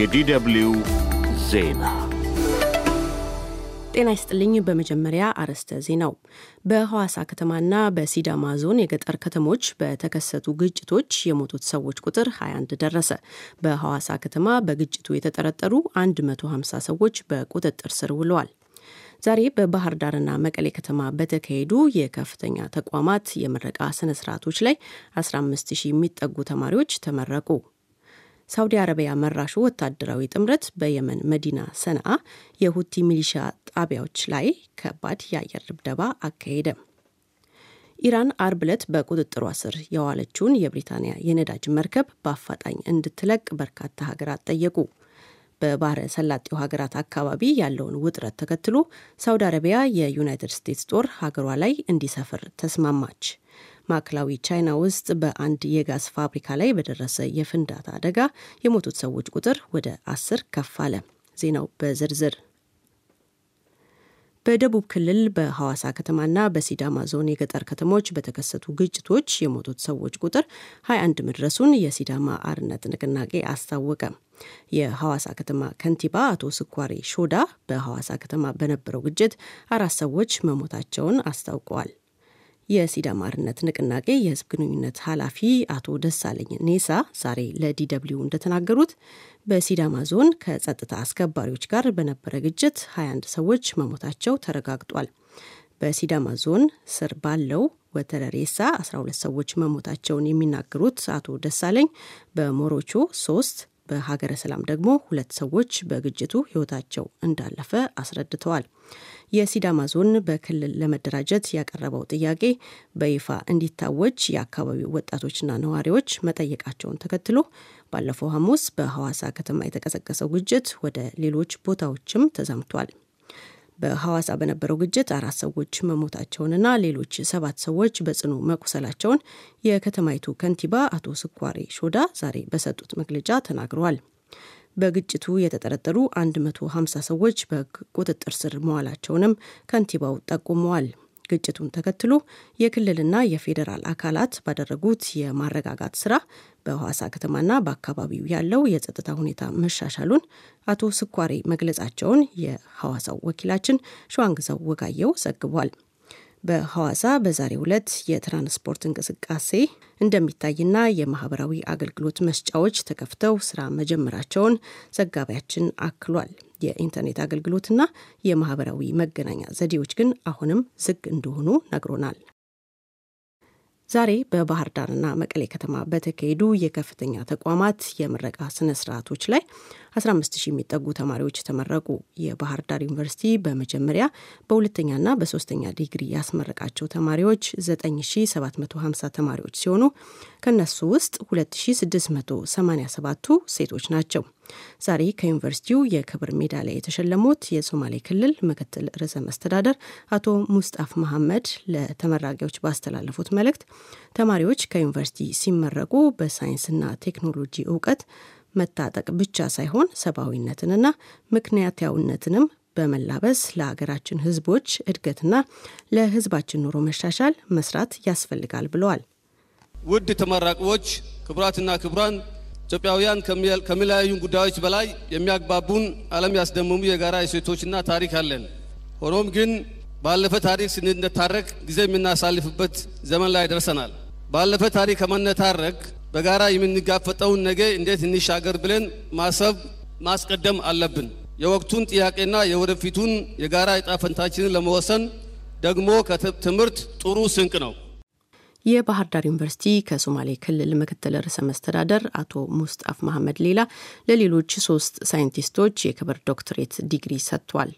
የዲደብልዩ ዜና ጤና ይስጥልኝ። በመጀመሪያ አርዕስተ ዜናው በሐዋሳ ከተማና በሲዳማ ዞን የገጠር ከተሞች በተከሰቱ ግጭቶች የሞቱት ሰዎች ቁጥር 21 ደረሰ። በሐዋሳ ከተማ በግጭቱ የተጠረጠሩ 150 ሰዎች በቁጥጥር ስር ውለዋል። ዛሬ በባህር ዳርና መቀሌ ከተማ በተካሄዱ የከፍተኛ ተቋማት የምረቃ ስነስርዓቶች ላይ 15000 የሚጠጉ ተማሪዎች ተመረቁ። ሳውዲ አረቢያ መራሹ ወታደራዊ ጥምረት በየመን መዲና ሰንዓ የሁቲ ሚሊሻ ጣቢያዎች ላይ ከባድ የአየር ድብደባ አካሄደ። ኢራን አርብ ዕለት በቁጥጥሯ ስር የዋለችውን የብሪታንያ የነዳጅ መርከብ በአፋጣኝ እንድትለቅ በርካታ ሀገራት ጠየቁ። በባህረ ሰላጤው ሀገራት አካባቢ ያለውን ውጥረት ተከትሎ ሳውዲ አረቢያ የዩናይትድ ስቴትስ ጦር ሀገሯ ላይ እንዲሰፍር ተስማማች። ማዕከላዊ ቻይና ውስጥ በአንድ የጋዝ ፋብሪካ ላይ በደረሰ የፍንዳታ አደጋ የሞቱት ሰዎች ቁጥር ወደ አስር ከፍ አለ። ዜናው በዝርዝር በደቡብ ክልል በሐዋሳ ከተማና በሲዳማ ዞን የገጠር ከተሞች በተከሰቱ ግጭቶች የሞቱት ሰዎች ቁጥር 21 መድረሱን የሲዳማ አርነት ንቅናቄ አስታወቀ። የሐዋሳ ከተማ ከንቲባ አቶ ስኳሬ ሾዳ በሐዋሳ ከተማ በነበረው ግጭት አራት ሰዎች መሞታቸውን አስታውቀዋል። የሲዳማ አርነት ንቅናቄ የህዝብ ግንኙነት ኃላፊ አቶ ደሳለኝ ኔሳ ዛሬ ለዲደብሊው እንደተናገሩት በሲዳማ ዞን ከጸጥታ አስከባሪዎች ጋር በነበረ ግጭት 21 ሰዎች መሞታቸው ተረጋግጧል። በሲዳማ ዞን ስር ባለው ወተረሬሳ 12 ሰዎች መሞታቸውን የሚናገሩት አቶ ደሳለኝ በሞሮቾ ሶስት በሀገረ ሰላም ደግሞ ሁለት ሰዎች በግጭቱ ህይወታቸው እንዳለፈ አስረድተዋል። የሲዳማ ዞን በክልል ለመደራጀት ያቀረበው ጥያቄ በይፋ እንዲታወጅ የአካባቢው ወጣቶችና ነዋሪዎች መጠየቃቸውን ተከትሎ ባለፈው ሐሙስ በሐዋሳ ከተማ የተቀሰቀሰው ግጭት ወደ ሌሎች ቦታዎችም ተዛምቷል። በሐዋሳ በነበረው ግጭት አራት ሰዎች መሞታቸውንና ሌሎች ሰባት ሰዎች በጽኑ መቁሰላቸውን የከተማይቱ ከንቲባ አቶ ስኳሬ ሾዳ ዛሬ በሰጡት መግለጫ ተናግረዋል። በግጭቱ የተጠረጠሩ 150 ሰዎች በህግ ቁጥጥር ስር መዋላቸውንም ከንቲባው ጠቁመዋል። ግጭቱን ተከትሎ የክልልና የፌዴራል አካላት ባደረጉት የማረጋጋት ስራ በሐዋሳ ከተማና በአካባቢው ያለው የጸጥታ ሁኔታ መሻሻሉን አቶ ስኳሬ መግለጻቸውን የሐዋሳው ወኪላችን ሸዋንግዛው ወጋየው ዘግቧል። በሐዋሳ በዛሬው ዕለት የትራንስፖርት እንቅስቃሴ እንደሚታይና የማህበራዊ አገልግሎት መስጫዎች ተከፍተው ስራ መጀመራቸውን ዘጋቢያችን አክሏል። የኢንተርኔት አገልግሎትና የማህበራዊ መገናኛ ዘዴዎች ግን አሁንም ዝግ እንደሆኑ ነግሮናል። ዛሬ በባህር ዳርና መቀሌ ከተማ በተካሄዱ የከፍተኛ ተቋማት የምረቃ ስነ ስርዓቶች ላይ 15 የሚጠጉ ተማሪዎች ተመረቁ። የባህር ዳር ዩኒቨርሲቲ በመጀመሪያ በሁለተኛና በሶስተኛ ዲግሪ ያስመረቃቸው ተማሪዎች 9750 ተማሪዎች ሲሆኑ ከእነሱ ውስጥ 2687ቱ ሴቶች ናቸው። ዛሬ ከዩኒቨርሲቲው የክብር ሜዳሊያ የተሸለሙት የሶማሌ ክልል ምክትል ርዕሰ መስተዳደር አቶ ሙስጣፍ መሐመድ ለተመራቂዎች ባስተላለፉት መልእክት ተማሪዎች ከዩኒቨርሲቲ ሲመረቁ በሳይንስና ቴክኖሎጂ እውቀት መታጠቅ ብቻ ሳይሆን ሰብአዊነትንና ምክንያታዊነትንም በመላበስ ለሀገራችን ህዝቦች እድገትና ለህዝባችን ኑሮ መሻሻል መስራት ያስፈልጋል ብለዋል። ውድ ተመራቂዎች ክቡራትና ክቡራን ኢትዮጵያውያን ከሚለያዩን ጉዳዮች በላይ የሚያግባቡን ዓለም ያስደምሙ የጋራ እሴቶችና ታሪክ አለን። ሆኖም ግን ባለፈ ታሪክ ስንነታረክ ጊዜ የምናሳልፍበት ዘመን ላይ ደርሰናል። ባለፈ ታሪክ ከመነታረክ በጋራ የምንጋፈጠውን ነገ እንዴት እንሻገር ብለን ማሰብ ማስቀደም አለብን። የወቅቱን ጥያቄና የወደፊቱን የጋራ ዕጣ ፈንታችንን ለመወሰን ደግሞ ከትምህርት ጥሩ ስንቅ ነው። የባህር ዳር ዩኒቨርሲቲ ከሶማሌ ክልል ምክትል ርዕሰ መስተዳደር አቶ ሙስጣፍ መሐመድ ሌላ ለሌሎች ሶስት ሳይንቲስቶች የክብር ዶክትሬት ዲግሪ ሰጥቷል።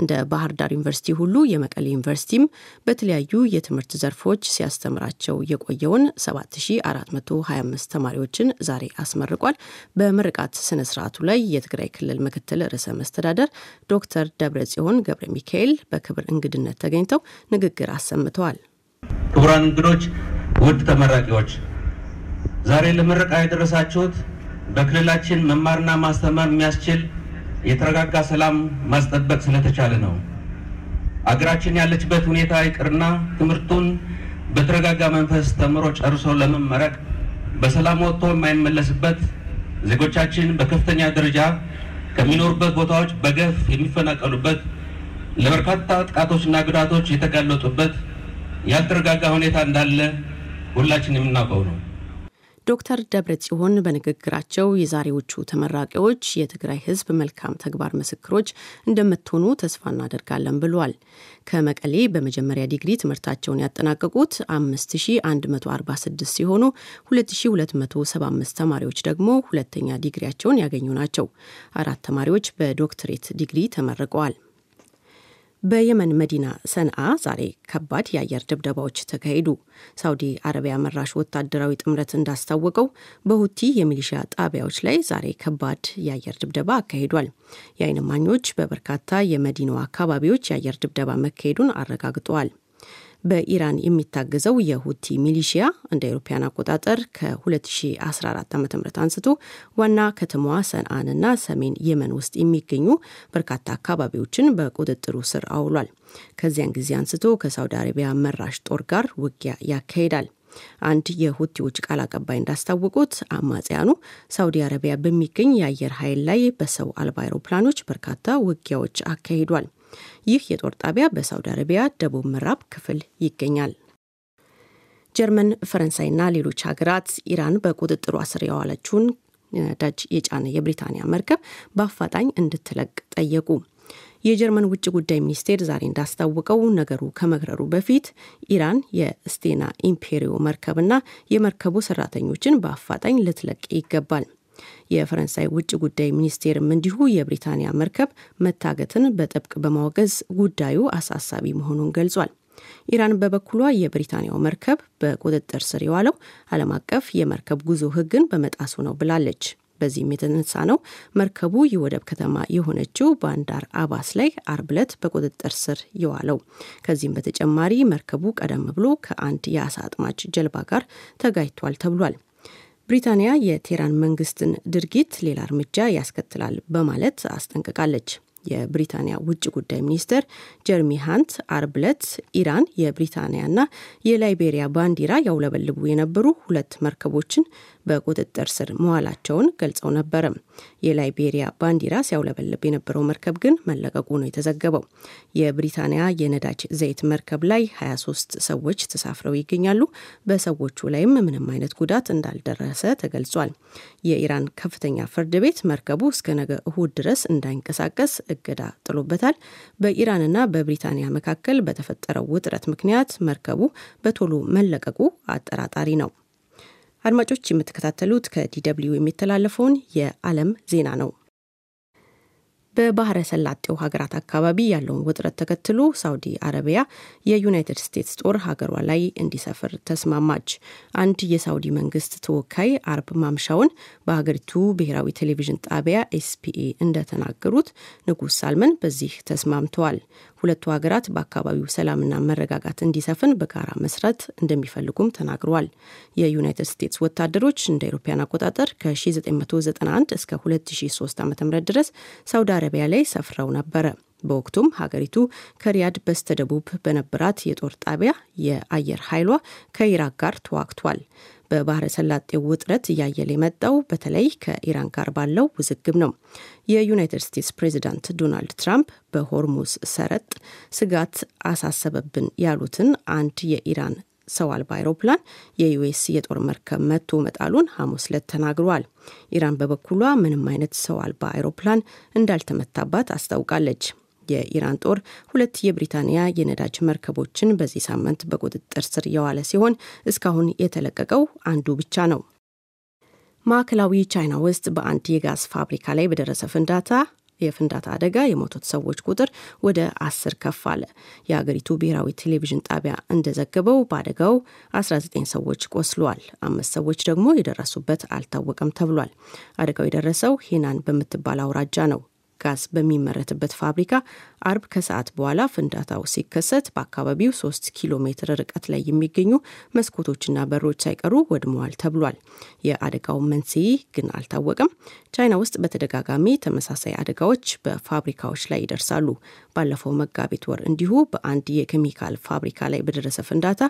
እንደ ባህር ዳር ዩኒቨርሲቲ ሁሉ የመቀሌ ዩኒቨርሲቲም በተለያዩ የትምህርት ዘርፎች ሲያስተምራቸው የቆየውን 7425 ተማሪዎችን ዛሬ አስመርቋል። በምርቃት ስነ ስርዓቱ ላይ የትግራይ ክልል ምክትል ርዕሰ መስተዳደር ዶክተር ደብረ ጽዮን ገብረ ሚካኤል በክብር እንግድነት ተገኝተው ንግግር አሰምተዋል። ክቡራን እንግዶች፣ ውድ ተመራቂዎች፣ ዛሬ ለምረቃ የደረሳችሁት በክልላችን መማርና ማስተማር የሚያስችል የተረጋጋ ሰላም ማስጠበቅ ስለተቻለ ነው። አገራችን ያለችበት ሁኔታ ይቅርና ትምህርቱን በተረጋጋ መንፈስ ተምሮ ጨርሶ ለመመረቅ በሰላም ወጥቶ የማይመለስበት ዜጎቻችን በከፍተኛ ደረጃ ከሚኖሩበት ቦታዎች በገፍ የሚፈናቀሉበት ለበርካታ ጥቃቶችና ጉዳቶች የተጋለጡበት ያልተረጋጋ ሁኔታ እንዳለ ሁላችን የምናውቀው ነው። ዶክተር ደብረ ጽዮን በንግግራቸው የዛሬዎቹ ተመራቂዎች የትግራይ ሕዝብ መልካም ተግባር ምስክሮች እንደምትሆኑ ተስፋ እናደርጋለን ብሏል። ከመቀሌ በመጀመሪያ ዲግሪ ትምህርታቸውን ያጠናቀቁት 5146 ሲሆኑ 2275 ተማሪዎች ደግሞ ሁለተኛ ዲግሪያቸውን ያገኙ ናቸው። አራት ተማሪዎች በዶክትሬት ዲግሪ ተመርቀዋል። በየመን መዲና ሰንአ ዛሬ ከባድ የአየር ድብደባዎች ተካሄዱ። ሳውዲ አረቢያ መራሽ ወታደራዊ ጥምረት እንዳስታወቀው በሁቲ የሚሊሺያ ጣቢያዎች ላይ ዛሬ ከባድ የአየር ድብደባ አካሂዷል። የአይን እማኞች በበርካታ የመዲናዋ አካባቢዎች የአየር ድብደባ መካሄዱን አረጋግጠዋል። በኢራን የሚታገዘው የሁቲ ሚሊሺያ እንደ አውሮፓውያን አቆጣጠር ከ2014 ዓ ም አንስቶ ዋና ከተማዋ ሰንአንና ሰሜን የመን ውስጥ የሚገኙ በርካታ አካባቢዎችን በቁጥጥሩ ስር አውሏል። ከዚያን ጊዜ አንስቶ ከሳውዲ አረቢያ መራሽ ጦር ጋር ውጊያ ያካሂዳል። አንድ የሁቲዎች ቃል አቀባይ እንዳስታወቁት አማጽያኑ ሳውዲ አረቢያ በሚገኝ የአየር ኃይል ላይ በሰው አልባ አይሮፕላኖች በርካታ ውጊያዎች አካሂዷል። ይህ የጦር ጣቢያ በሳውዲ አረቢያ ደቡብ ምዕራብ ክፍል ይገኛል። ጀርመን፣ ፈረንሳይና ሌሎች ሀገራት ኢራን በቁጥጥሩ ስር የዋለችውን ነዳጅ የጫነ የብሪታንያ መርከብ በአፋጣኝ እንድትለቅ ጠየቁ። የጀርመን ውጭ ጉዳይ ሚኒስቴር ዛሬ እንዳስታወቀው ነገሩ ከመግረሩ በፊት ኢራን የስቴና ኢምፔሪዮ መርከብና የመርከቡ ሰራተኞችን በአፋጣኝ ልትለቅ ይገባል። የፈረንሳይ ውጭ ጉዳይ ሚኒስቴርም እንዲሁ የብሪታንያ መርከብ መታገትን በጥብቅ በማወገዝ ጉዳዩ አሳሳቢ መሆኑን ገልጿል። ኢራን በበኩሏ የብሪታንያው መርከብ በቁጥጥር ስር የዋለው ዓለም አቀፍ የመርከብ ጉዞ ሕግን በመጣሱ ነው ብላለች። በዚህም የተነሳ ነው መርከቡ የወደብ ከተማ የሆነችው ባንዳር አባስ ላይ አርብ ዕለት በቁጥጥር ስር የዋለው። ከዚህም በተጨማሪ መርከቡ ቀደም ብሎ ከአንድ የአሳ አጥማጭ ጀልባ ጋር ተጋጅቷል ተብሏል። ብሪታንያ የቴህራን መንግስትን ድርጊት ሌላ እርምጃ ያስከትላል በማለት አስጠንቅቃለች። የብሪታንያ ውጭ ጉዳይ ሚኒስትር ጀርሚ ሃንት አርብ ዕለት ኢራን የብሪታንያና የላይቤሪያ ባንዲራ ያውለበልቡ የነበሩ ሁለት መርከቦችን በቁጥጥር ስር መዋላቸውን ገልጸው ነበረ። የላይቤሪያ ባንዲራ ሲያውለበልብ የነበረው መርከብ ግን መለቀቁ ነው የተዘገበው። የብሪታንያ የነዳጅ ዘይት መርከብ ላይ 23 ሰዎች ተሳፍረው ይገኛሉ። በሰዎቹ ላይም ምንም አይነት ጉዳት እንዳልደረሰ ተገልጿል። የኢራን ከፍተኛ ፍርድ ቤት መርከቡ እስከ ነገ እሁድ ድረስ እንዳይንቀሳቀስ እገዳ ጥሎበታል። በኢራንና በብሪታንያ መካከል በተፈጠረው ውጥረት ምክንያት መርከቡ በቶሎ መለቀቁ አጠራጣሪ ነው። አድማጮች የምትከታተሉት ከዲደብልዩ የሚተላለፈውን የዓለም ዜና ነው። በባህረ ሰላጤው ሀገራት አካባቢ ያለውን ውጥረት ተከትሎ ሳውዲ አረቢያ የዩናይትድ ስቴትስ ጦር ሀገሯ ላይ እንዲሰፍር ተስማማች። አንድ የሳውዲ መንግስት ተወካይ አርብ ማምሻውን በሀገሪቱ ብሔራዊ ቴሌቪዥን ጣቢያ ኤስፒኤ እንደተናገሩት ንጉስ ሳልመን በዚህ ተስማምተዋል። ሁለቱ ሀገራት በአካባቢው ሰላምና መረጋጋት እንዲሰፍን በጋራ መስራት እንደሚፈልጉም ተናግረዋል። የዩናይትድ ስቴትስ ወታደሮች እንደ አውሮፓውያን አቆጣጠር ከ1991 እስከ 2003 ዓ ም ድረስ ሳውዲ አረቢያ ላይ ሰፍረው ነበረ። በወቅቱም ሀገሪቱ ከሪያድ በስተደቡብ በነበራት የጦር ጣቢያ የአየር ኃይሏ ከኢራቅ ጋር ተዋግቷል። በባህረ ሰላጤው ውጥረት እያየለ የመጣው በተለይ ከኢራን ጋር ባለው ውዝግብ ነው። የዩናይትድ ስቴትስ ፕሬዚዳንት ዶናልድ ትራምፕ በሆርሙዝ ሰረጥ ስጋት አሳሰበብን ያሉትን አንድ የኢራን ሰው አልባ አይሮፕላን የዩኤስ የጦር መርከብ መቶ መጣሉን ሐሙስ ለት ተናግሯል። ኢራን በበኩሏ ምንም አይነት ሰው አልባ አይሮፕላን እንዳልተመታባት አስታውቃለች። የኢራን ጦር ሁለት የብሪታንያ የነዳጅ መርከቦችን በዚህ ሳምንት በቁጥጥር ስር የዋለ ሲሆን እስካሁን የተለቀቀው አንዱ ብቻ ነው። ማዕከላዊ ቻይና ውስጥ በአንድ የጋዝ ፋብሪካ ላይ በደረሰ ፍንዳታ የፍንዳታ አደጋ የሞቱት ሰዎች ቁጥር ወደ አስር ከፍ አለ። የአገሪቱ ብሔራዊ ቴሌቪዥን ጣቢያ እንደዘገበው በአደጋው 19 ሰዎች ቆስለዋል፣ አምስት ሰዎች ደግሞ የደረሱበት አልታወቀም ተብሏል። አደጋው የደረሰው ሂናን በምትባል አውራጃ ነው። ጋዝ በሚመረትበት ፋብሪካ አርብ ከሰዓት በኋላ ፍንዳታው ሲከሰት በአካባቢው ሶስት ኪሎ ሜትር ርቀት ላይ የሚገኙ መስኮቶችና በሮች ሳይቀሩ ወድመዋል ተብሏል። የአደጋው መንስኤ ግን አልታወቀም። ቻይና ውስጥ በተደጋጋሚ ተመሳሳይ አደጋዎች በፋብሪካዎች ላይ ይደርሳሉ። ባለፈው መጋቢት ወር እንዲሁ በአንድ የኬሚካል ፋብሪካ ላይ በደረሰ ፍንዳታ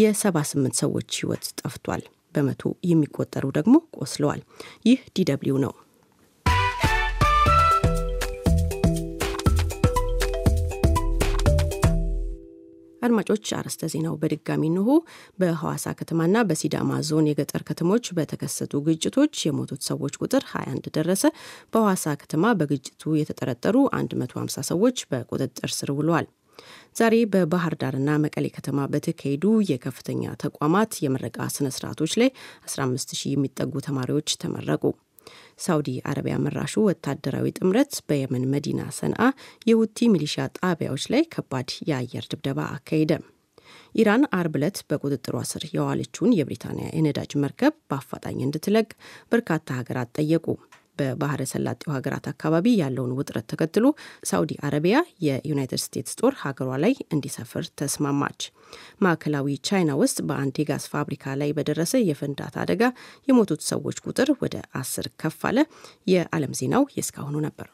የ78 ሰዎች ሕይወት ጠፍቷል። በመቶ የሚቆጠሩ ደግሞ ቆስለዋል። ይህ ዲደብሊው ነው። አድማጮች አርዕስተ ዜናው በድጋሚ እንሆ። በሐዋሳ ከተማና በሲዳማ ዞን የገጠር ከተሞች በተከሰቱ ግጭቶች የሞቱት ሰዎች ቁጥር 21 ደረሰ። በሐዋሳ ከተማ በግጭቱ የተጠረጠሩ 150 ሰዎች በቁጥጥር ስር ውለዋል። ዛሬ በባህር ዳርና መቀሌ ከተማ በተካሄዱ የከፍተኛ ተቋማት የምረቃ ስነስርዓቶች ላይ 15 ሺህ የሚጠጉ ተማሪዎች ተመረቁ። ሳውዲ አረቢያ መራሹ ወታደራዊ ጥምረት በየመን መዲና ሰንዓ የውቲ ሚሊሻ ጣቢያዎች ላይ ከባድ የአየር ድብደባ አካሄደ። ኢራን አርብ ዕለት በቁጥጥሯ ስር የዋለችውን የብሪታንያ የነዳጅ መርከብ በአፋጣኝ እንድትለቅ በርካታ ሀገራት ጠየቁ። በባህረ ሰላጤው ሀገራት አካባቢ ያለውን ውጥረት ተከትሎ ሳውዲ አረቢያ የዩናይትድ ስቴትስ ጦር ሀገሯ ላይ እንዲሰፍር ተስማማች። ማዕከላዊ ቻይና ውስጥ በአንድ የጋዝ ፋብሪካ ላይ በደረሰ የፍንዳታ አደጋ የሞቱት ሰዎች ቁጥር ወደ አስር ከፍ አለ። የዓለም ዜናው የእስካሁኑ ነበር።